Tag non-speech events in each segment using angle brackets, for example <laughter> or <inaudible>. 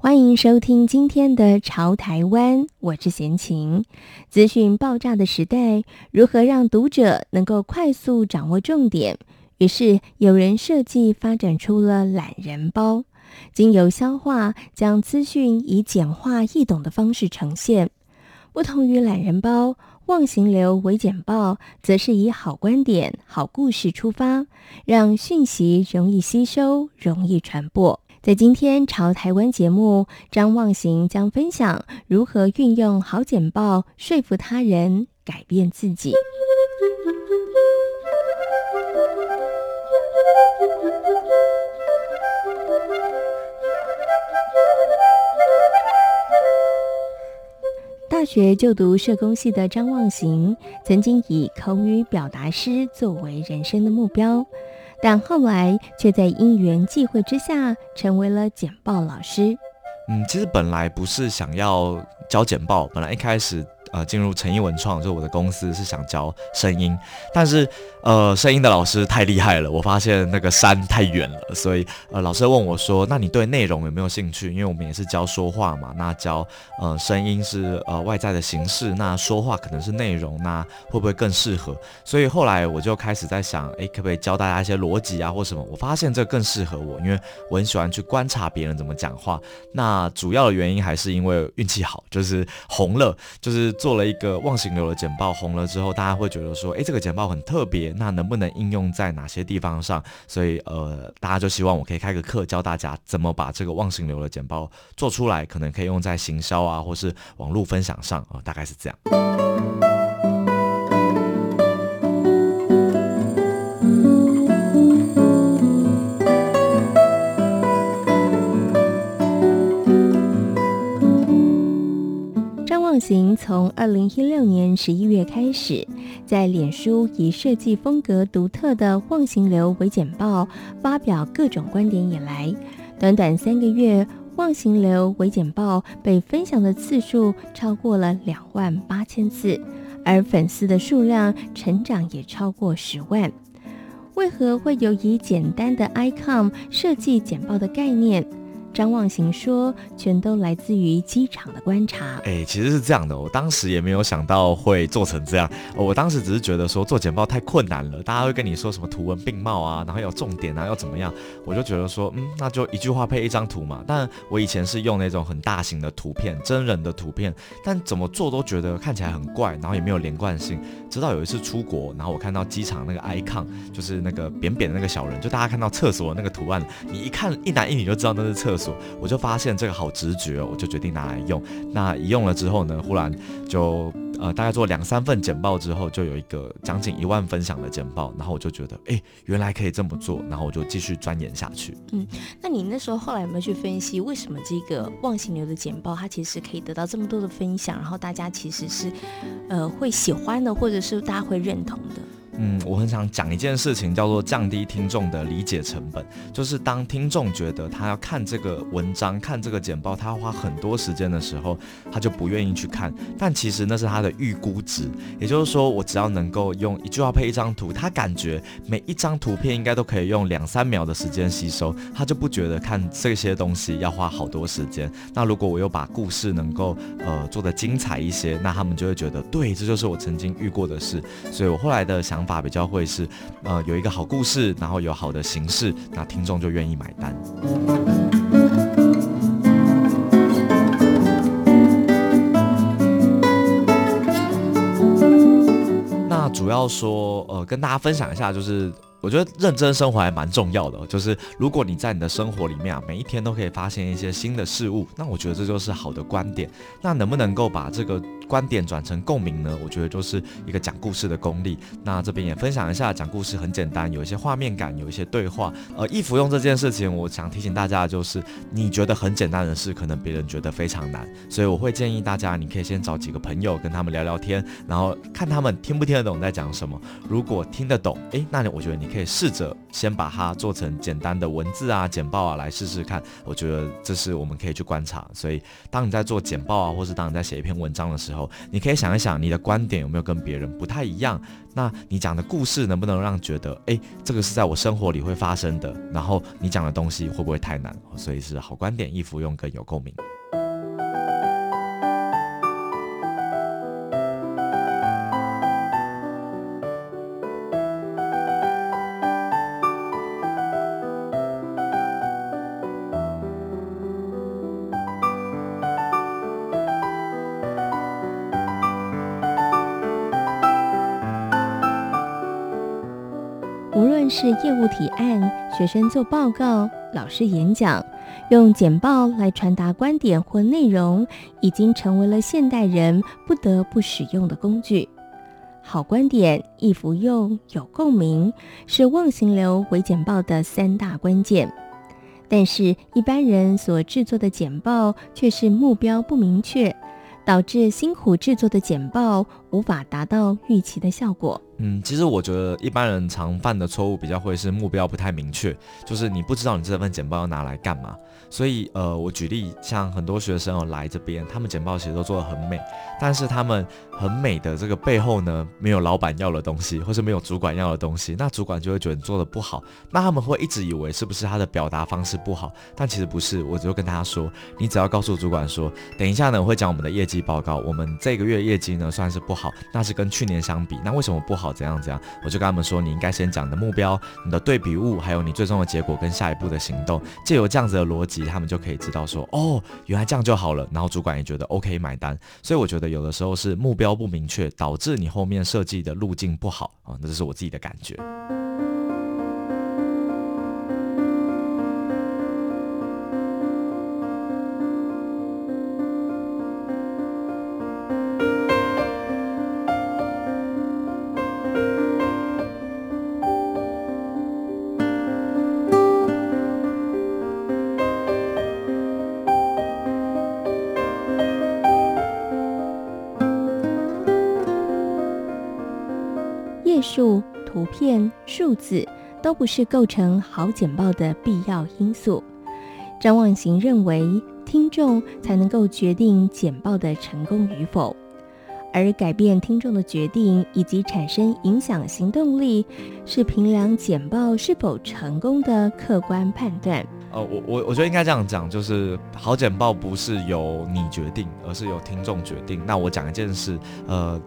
歡迎收聽今天的《潮台灣》，我是賢情。資訊爆炸的時代，如何讓讀者能夠快速掌握重點？於是有人設計發展出了“懶人包”，經由消化將資訊以簡化易懂的方式呈現。不同於“懶人包”，“忘形流”微簡報則是以好觀點、好故事出發，讓訊息容易吸收、容易傳播。在今天潮台灣節目，張忘形將分享如何運用好簡報說服他人、改變自己。大學就讀社工系的張忘形，曾經以口語表達師作為人生的目標。但後來卻在因緣際會之下成為了簡報老師。嗯，其實本來不是想要教簡報，本來一開始呃進入成毅文創，就是我的公司是想教聲音，但是。呃，聲音的老師太厲害了，我發現那個山太遠了，所以呃，老師問我說，那你對內容有沒有興趣？因為我們也是教說話嘛，那教呃聲音是呃外在的形式，那說話可能是內容，那會不會更適合？所以後來我就開始在想，誒，可不可以教大家一些邏輯啊或什麼？我發現這更適合我，因為我很喜歡去觀察別人怎麼講話。那主要的原因還是因為運氣好，就是紅了，就是做了一個忘形流的簡報，紅了之後大家會覺得說，誒，這個簡報很特別。那能不能應用在哪些地方上？所以呃，大家就希望我可以開個課，教大家怎麼把這個忘形流的簡報做出來，可能可以用在行銷啊，或是網絡分享上啊、呃，大概是這樣。從二零一六年十一月開始，在臉書以設計風格獨特的“忘形流”微簡報，發表各種觀點以來，短短三個月，“忘形流”微簡報被分享的次數超過了兩萬八千次，而粉絲的數量成長也超過十萬。為何會有以簡單的 icon 設計簡報的概念？張忘形說：“全都來自於機場的觀察。欸”哎，其實是這樣的，我當時也沒有想到會做成這樣哦。我當時只是覺得說做簡報太困難了，大家會跟你說什麼圖文並茂啊，然後有重點啊，又怎麼樣？我就覺得說，嗯，那就一句話配一張圖嘛。但我以前是用那種很大型的圖片，真人的圖片，但怎麼做都覺得看起來很怪，然後也沒有連貫性。直到有一次出國，然後我看到機場那個 icon，就是那個扁扁的那個小人，就大家看到廁所的那個圖案，你一看一男一女就知道那是廁所。我就發現這個好直覺哦，我就決定拿來用。那一用了之後呢，忽然就呃，大概做兩三份簡報之後，就有一個將近一萬分享的簡報。然後我就覺得，哎，原來可以這麼做。然後我就繼續鑽研下去。嗯，那你那時候後來有沒有去分析，為什麼這個忘形流的簡報它其實可以得到這麼多的分享？然後大家其實是呃會喜歡的，或者是大家會認同的？嗯，我很想講一件事情，叫做降低聽眾的理解成本。就是當聽眾覺得他要看這個文章、看這個簡報，他要花很多時間的時候，他就不願意去看。但其實那是他的預估值，也就是說，我只要能夠用一句話配一張圖，他感覺每一張圖片應該都可以用兩三秒的時間吸收，他就不覺得看這些東西要花好多時間。那如果我又把故事能夠呃做得精彩一些，那他們就會覺得，對，這就是我曾經遇過的事。所以我後來的想法，法比較會是，呃，有一個好故事，然後有好的形式，那聽眾就願意買單。那主要說，呃，跟大家分享一下，就是我覺得認真生活還蠻重要的。就是如果你在你的生活裡面啊，每一天都可以發現一些新的事物，那我覺得這就是好的觀點。那能不能夠把這個觀點轉成共鳴呢？我覺得就是一個講故事的功力。那這邊也分享一下，講故事很簡單，有一些畫面感，有一些對話。呃，易服用這件事情，我想提醒大家的就是，你覺得很簡單的事，可能別人覺得非常難。所以我會建議大家，你可以先找幾個朋友跟他們聊聊天，然後看他們聽不聽得懂在講什麼。如果聽得懂，誒，那你我覺得你可以試着先把它做成簡單的文字啊、簡報啊來試試看。我覺得這是我們可以去觀察。所以當你在做簡報啊，或是當你在寫一篇文章的時候，你可以想一想，你的觀點有沒有跟別人不太一樣？那你講的故事能不能讓你覺得，哎，這個是在我生活裡會發生的？然後你講的東西會不會太難？所以是好觀點、易服用、更有共鳴。是業務提案，學生做報告，老師演講，用簡報來傳達觀點或內容，已經成為了現代人不得不使用的工具。好觀點、易服用、有共鳴，是忘形流微簡報的三大關鍵。但是，一般人所制作的簡報卻是目標不明確，導致辛苦制作的簡報無法達到預期的效果。嗯，其實我覺得一般人常犯的錯誤比較會是目標不太明確，就是你不知道你這份簡報要拿來幹嘛。所以，呃，我舉例，像很多學生哦，來這邊，他們簡報其實都做的很美，但是他們很美的這個背後呢，沒有老闆要的東西，或是沒有主管要的東西，那主管就會覺得你做的不好，那他們會一直以為是不是他的表達方式不好，但其實不是。我就跟他說，你只要告訴主管說，等一下呢，我會講我們的業績報告，我們這個月業績呢算是不好，那是跟去年相比，那為什麼不好？怎樣怎樣？我就跟他們說，你應該先講你的目標，你的對比物，還有你最終的結果跟下一步的行動，借由這樣子的邏輯。他們就可以知道說，哦，原來這樣就好了。然後主管也覺得 OK 買單，所以我覺得有的時候是目標不明確，導致你後面設計的路徑不好啊，那，哦，這是我自己的感覺。數圖片數字都不是構成好簡報的必要因素。張忘形認為，聽眾才能夠決定簡報的成功與否，而改變聽眾的決定以及產生影響行動力，是評量簡報是否成功的客觀判斷。呃，我我我覺得應該這樣講，就是好簡報不是由你決定，而是由聽眾決定。那我講一件事，呃，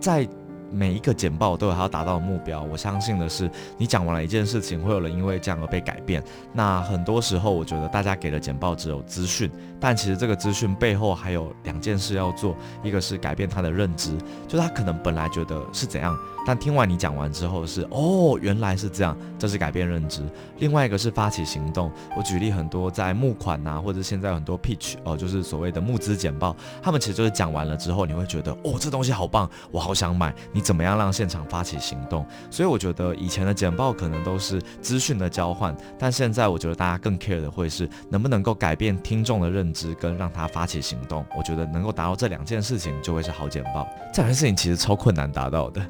在。每一個簡報都有它要達到的目標。我相信的是，你講完了一件事情，會有人因為這樣而被改變。那很多時候，我覺得大家給的簡報只有資訊，但其實這個資訊背後還有兩件事要做，一個是改變他的認知，就是他可能本來覺得是怎樣。但聽完你講完之後是哦，原來是這樣，這是改變認知。另外一個是發起行動。我舉例很多在募款啊，或者現在很多 pitch 哦、呃，就是所謂的募資簡報，他們其實就是講完了之後，你會覺得哦，這東西好棒，我好想買。你怎麼樣讓現場發起行動？所以我覺得以前的簡報可能都是資訊的交換，但現在我覺得大家更 care 的會是能不能夠改變聽眾的認知跟讓他發起行動。我覺得能夠達到這兩件事情就會是好簡報。這兩件事情其實超困難達到的。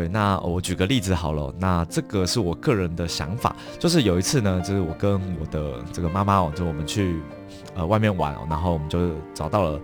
對，那，哦，我舉個例子好了，哦。那這個是我個人的想法，就是有一次呢，就是我跟我的這個媽媽，哦，就我們去呃外面玩，哦，然後我們就找到了。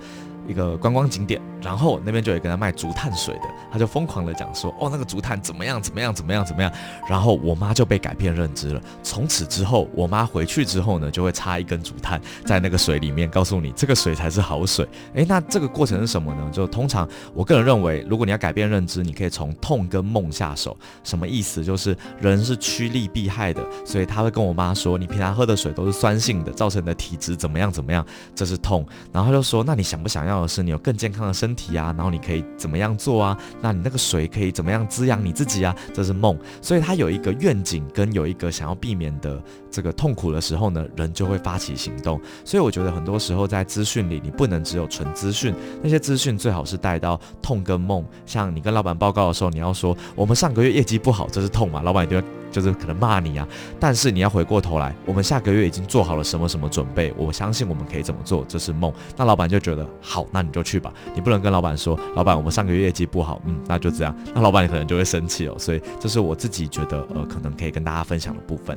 一個觀光景點，然後那邊就有個賣竹炭水的，他就瘋狂的講說，哦，那個竹炭怎麼樣怎麼樣怎麼樣怎麼樣，然後我媽就被改變認知了。從此之後，我媽回去之後呢，就會插一根竹炭在那個水裡面，告訴你這個水才是好水。誒，那這個過程是什麼呢？就通常我個人認為，如果你要改變認知，你可以從痛跟夢下手。什麼意思？就是人是趨利避害的，所以他會跟我媽說，你平常喝的水都是酸性的，造成的體質怎麼樣怎麼樣，這是痛。然後他就說，那你想不想要？是，你有更健康的身體啊，然後你可以怎麼樣做啊？那你那個水可以怎麼樣滋養你自己啊？這是夢，所以它有一個願景跟有一個想要避免的這個痛苦的時候呢，人就會發起行動。所以我覺得很多時候在資訊裡，你不能只有純資訊，那些資訊最好是帶到痛跟夢。像你跟老闆報告的時候，你要說我們上個月業績不好，這是痛嘛？老闆你就就是可能罵你啊，但是你要回過頭來，我們下個月已經做好了什麼什麼準備，我相信我們可以怎麼做，這是夢。那老板就覺得好，那你就去吧。你不能跟老板說，老板，我們上個月業績不好，嗯，那就這樣。那老板你可能就會生氣哦。所以這是我自己覺得，呃，可能可以跟大家分享的部分。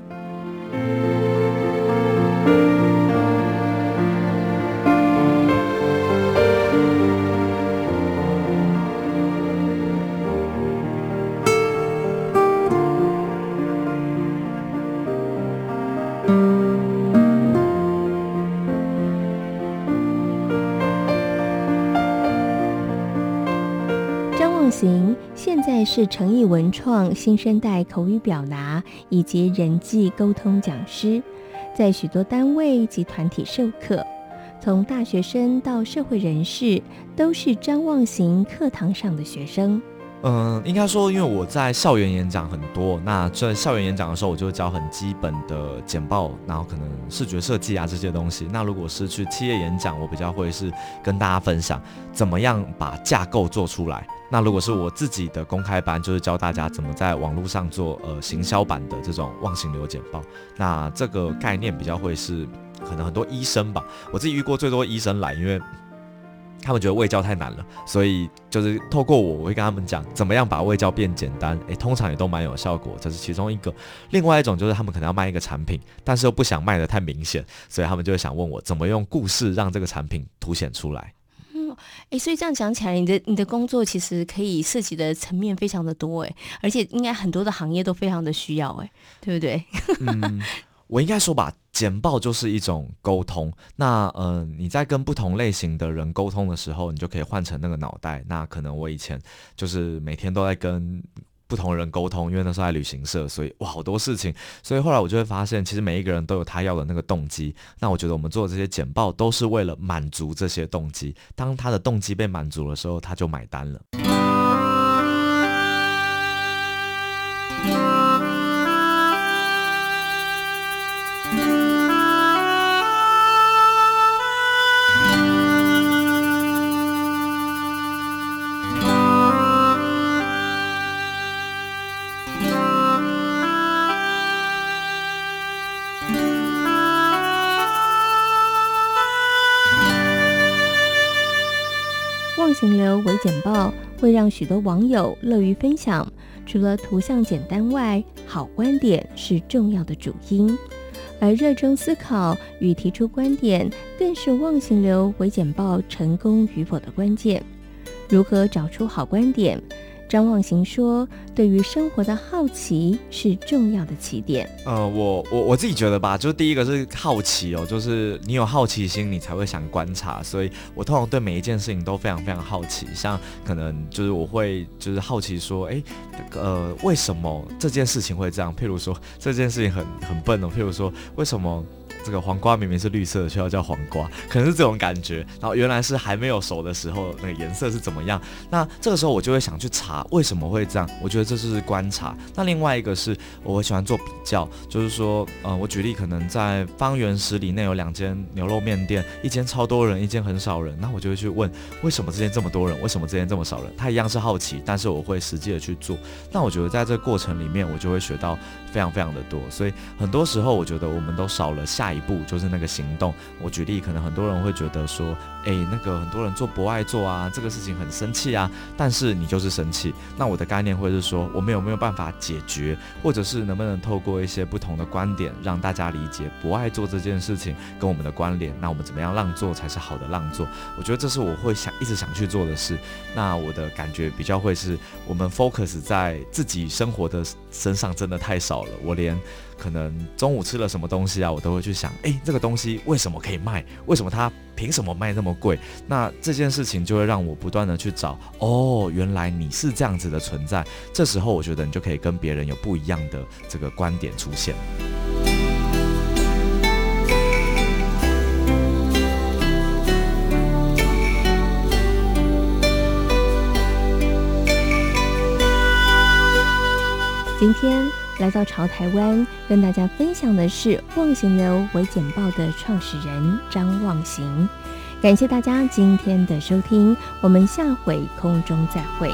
是誠毅文創新生代口語表達以及人際溝通講師，在許多單位及團體授課，從大學生到社會人士，都是張忘形課堂上的學生。嗯、呃，應該說，因為我在校園演講很多，那在校園演講的時候，我就會教很基本的簡報，然後可能視覺設計啊這些東西。那如果是去企業演講，我比較會是跟大家分享怎麼樣把架構做出來。那如果是我自己的公開班，就是教大家怎麼在網絡上做呃，行銷版的這種忘形流簡報。那這個概念，比較會是可能很多醫生吧，我自己遇過最多醫生來，因為他們覺得衛教太難了，所以就是透過我，我會跟他們講怎麼樣把衛教變簡單。誒、欸，通常也都蠻有效果，這是其中一個。另外一種就是他們可能要賣一個產品，但是又不想賣得太明顯，所以他們就會想問我怎麼用故事讓這個產品凸顯出來。哎，所以這樣講起來，你的你的工作其實可以涉及的層面非常的多哎，而且應該很多的行業都非常的需要哎，對不對？ <laughs> 嗯，我應該說吧，簡報就是一種溝通。那呃，你在跟不同類型的人溝通的時候，你就可以換成那個腦袋。那可能我以前就是每天都在跟。不同的人溝通，因為那時候在旅行社，所以哇，好多事情。所以後來我就會發現，其實每一個人都有他要的那個動機。那我覺得我們做的這些簡報，都是為了滿足這些動機。當他的動機被滿足的時候，他就買單了。簡報會讓許多網友樂於分享，除了圖像簡單外，好觀點是重要的主因，而熱衷思考與提出觀點，更是忘形流微簡報成功與否的關鍵。如何找出好觀點？張忘形說：“對於生活的好奇是重要的起點。”呃，我我我自己覺得吧，就是第一個是好奇哦，就是你有好奇心，你才會想觀察。所以，我通常對每一件事情都非常非常好奇。像可能就是我會就是好奇說，誒，呃，為什麼這件事情會這樣？譬如說，這件事情很很笨哦。譬如說，為什麼？這個黃瓜明明是綠色的，卻要叫黃瓜，可能是這種感覺。然後原來是還沒有熟的時候，那個顏色是怎麼樣？那這個時候我就會想去查為什麼會這樣。我覺得這是觀察。那另外一個是我會喜歡做比較，就是說，呃，我舉例，可能在方圓十裡內有兩間牛肉麵店，一間超多人，一間很少人。那我就會去問，為什麼這間這麼多人？為什麼這間這麼少人？他一樣是好奇，但是我會實際的去做。那我覺得在這個過程裡面，我就會學到非常非常的多。所以很多時候，我覺得我們都少了下一步就是那個行動。我舉例，可能很多人會覺得說，誒，那個很多人坐博愛座啊，這個事情很生氣啊。但是你就是生氣，那我的概念會是說，我們有沒有辦法解決，或者是能不能透過一些不同的觀點讓大家理解博愛座這件事情跟我們的關聯？那我們怎麼樣讓座才是好的讓座？我覺得這是我會想一直想去做的事。那我的感覺比較會是我們 focus 在自己生活的。身上真的太少了，我連可能中午吃了什麼東西啊，我都會去想，哎，這個東西為什麼可以賣？為什麼它憑什麼賣那麼貴？那這件事情就會讓我不斷地去找，哦，原來你是這樣子的存在。這時候我覺得你就可以跟別人有不一樣的這個觀點出現。今天來到潮台灣，跟大家分享的是《忘形流》微簡報的創始人張忘形。感謝大家今天的收聽，我們下回空中再會。